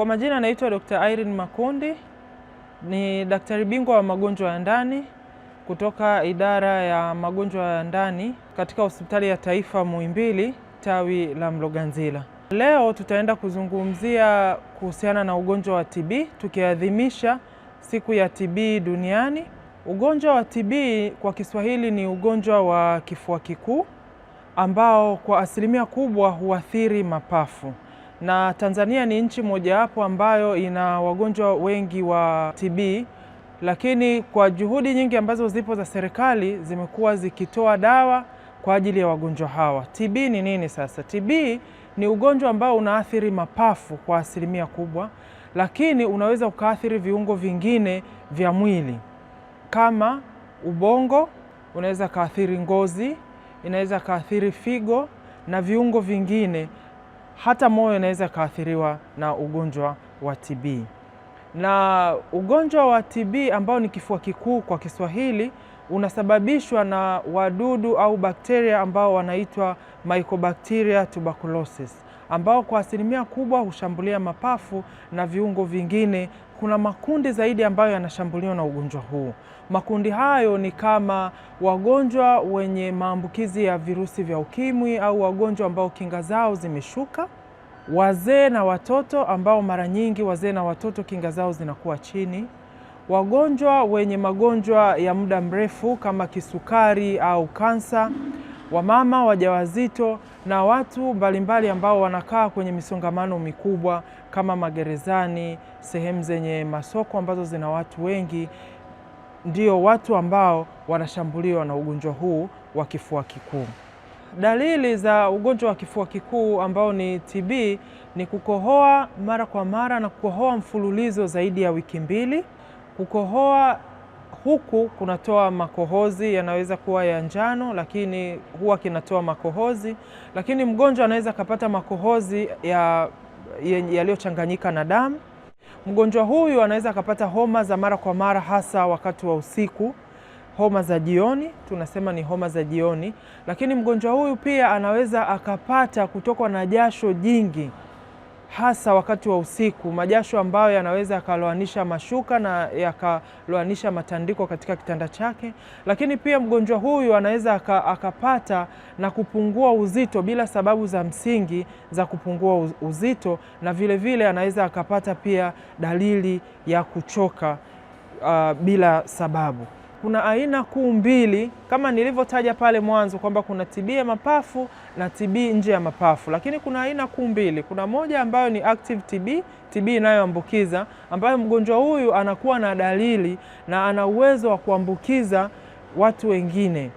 Kwa majina naitwa Dr. Irene Makundi, ni daktari bingwa wa magonjwa ya ndani kutoka idara ya magonjwa ya ndani katika hospitali ya taifa Muhimbili tawi la Mloganzila. Leo tutaenda kuzungumzia kuhusiana na ugonjwa wa TB tukiadhimisha siku ya TB duniani. Ugonjwa wa TB kwa Kiswahili ni ugonjwa wa kifua kikuu ambao kwa asilimia kubwa huathiri mapafu na Tanzania ni nchi mojawapo ambayo ina wagonjwa wengi wa TB, lakini kwa juhudi nyingi ambazo zipo za serikali zimekuwa zikitoa dawa kwa ajili ya wagonjwa hawa. TB ni nini sasa? TB ni ugonjwa ambao unaathiri mapafu kwa asilimia kubwa, lakini unaweza ukaathiri viungo vingine vya mwili kama ubongo, unaweza kaathiri ngozi, inaweza kaathiri figo na viungo vingine hata moyo inaweza ikaathiriwa na ugonjwa wa TB. Na ugonjwa wa TB ambao ni kifua kikuu kwa Kiswahili unasababishwa na wadudu au bakteria ambao wanaitwa Mycobacteria tuberculosis ambao kwa asilimia kubwa hushambulia mapafu na viungo vingine. Kuna makundi zaidi ambayo yanashambuliwa na ugonjwa huu. Makundi hayo ni kama wagonjwa wenye maambukizi ya virusi vya ukimwi au wagonjwa ambao kinga zao zimeshuka, wazee na watoto ambao mara nyingi wazee na watoto kinga zao zinakuwa chini, wagonjwa wenye magonjwa ya muda mrefu kama kisukari au kansa wamama wajawazito na watu mbalimbali mbali ambao wanakaa kwenye misongamano mikubwa kama magerezani, sehemu zenye masoko ambazo zina watu wengi, ndio watu ambao wanashambuliwa na ugonjwa huu wa kifua kikuu. Dalili za ugonjwa wa kifua kikuu ambao ni TB ni kukohoa mara kwa mara na kukohoa mfululizo zaidi ya wiki mbili, kukohoa huku kunatoa makohozi, yanaweza kuwa ya njano, lakini huwa kinatoa makohozi. Lakini mgonjwa anaweza akapata makohozi yaliyochanganyika ya na damu. Mgonjwa huyu anaweza akapata homa za mara kwa mara, hasa wakati wa usiku, homa za jioni, tunasema ni homa za jioni. Lakini mgonjwa huyu pia anaweza akapata kutokwa na jasho jingi hasa wakati wa usiku, majasho ambayo yanaweza yakaloanisha mashuka na yakaloanisha matandiko katika kitanda chake. Lakini pia mgonjwa huyu anaweza akapata na kupungua uzito bila sababu za msingi za kupungua uzito, na vilevile vile anaweza akapata pia dalili ya kuchoka uh, bila sababu kuna aina kuu mbili kama nilivyotaja pale mwanzo kwamba kuna TB ya mapafu na TB nje ya mapafu, lakini kuna aina kuu mbili. Kuna moja ambayo ni active TB, TB inayoambukiza ambayo mgonjwa huyu anakuwa na dalili na ana uwezo wa kuambukiza watu wengine,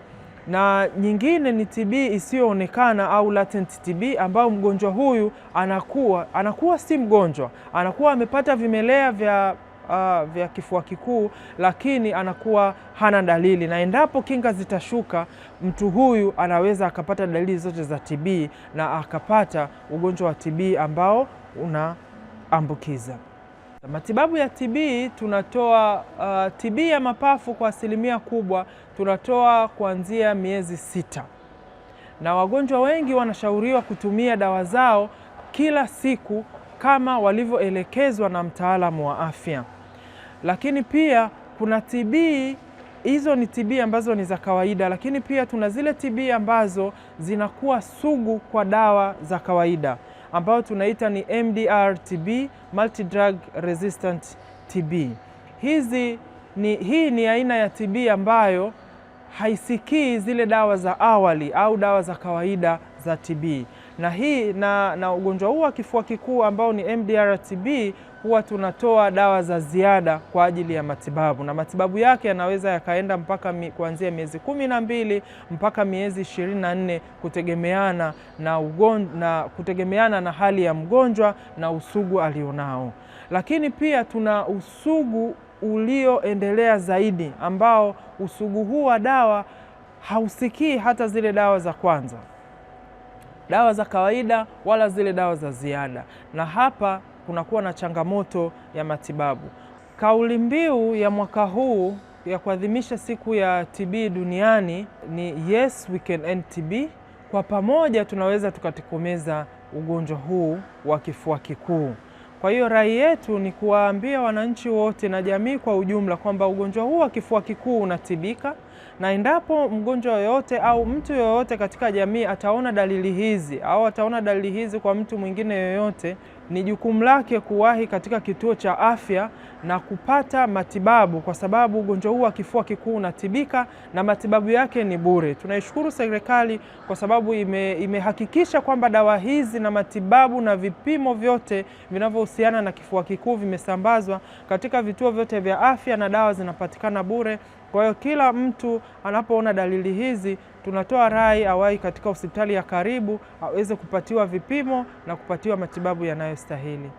na nyingine ni TB isiyoonekana au latent TB ambayo mgonjwa huyu anakuwa anakuwa si mgonjwa, anakuwa amepata vimelea vya uh, vya kifua kikuu, lakini anakuwa hana dalili, na endapo kinga zitashuka, mtu huyu anaweza akapata dalili zote za TB na akapata ugonjwa wa TB ambao unaambukiza. Matibabu ya TB tunatoa uh, ah, TB ya mapafu kwa asilimia kubwa tunatoa kuanzia miezi sita, na wagonjwa wengi wanashauriwa kutumia dawa zao kila siku kama walivyoelekezwa na mtaalamu wa afya. Lakini pia kuna TB, hizo ni TB ambazo ni za kawaida, lakini pia tuna zile TB ambazo zinakuwa sugu kwa dawa za kawaida ambayo tunaita ni MDR TB, multi drug resistant TB. Hizi ni, hii ni aina ya TB ambayo haisikii zile dawa za awali au dawa za kawaida za TB na hii na, na ugonjwa huu wa kifua kikuu ambao ni MDR-TB huwa tunatoa dawa za ziada kwa ajili ya matibabu, na matibabu yake yanaweza yakaenda mpaka mi, kuanzia miezi kumi na mbili mpaka miezi ishirini na nne kutegemeana na, ugon, na, kutegemeana na hali ya mgonjwa na usugu alionao, lakini pia tuna usugu ulioendelea zaidi ambao usugu huu wa dawa hausikii hata zile dawa za kwanza dawa za kawaida wala zile dawa za ziada, na hapa kunakuwa na changamoto ya matibabu. Kauli mbiu ya mwaka huu ya kuadhimisha siku ya TB duniani ni Yes we can end TB, kwa pamoja tunaweza tukatokomeza ugonjwa huu wa kifua kikuu. Kwa hiyo rai yetu ni kuwaambia wananchi wote na jamii kwa ujumla kwamba ugonjwa huu wa kifua kikuu unatibika na endapo mgonjwa yoyote au mtu yoyote katika jamii ataona dalili hizi au ataona dalili hizi kwa mtu mwingine yoyote, ni jukumu lake kuwahi katika kituo cha afya na kupata matibabu, kwa sababu ugonjwa huu wa kifua kikuu unatibika na matibabu yake ni bure. Tunaishukuru serikali kwa sababu ime, imehakikisha kwamba dawa hizi na matibabu na vipimo vyote vinavyohusiana na kifua kikuu vimesambazwa katika vituo vyote vya afya na dawa zinapatikana bure. Kwa hiyo kila mtu mtu anapoona dalili hizi, tunatoa rai awahi katika hospitali ya karibu aweze kupatiwa vipimo na kupatiwa matibabu yanayostahili.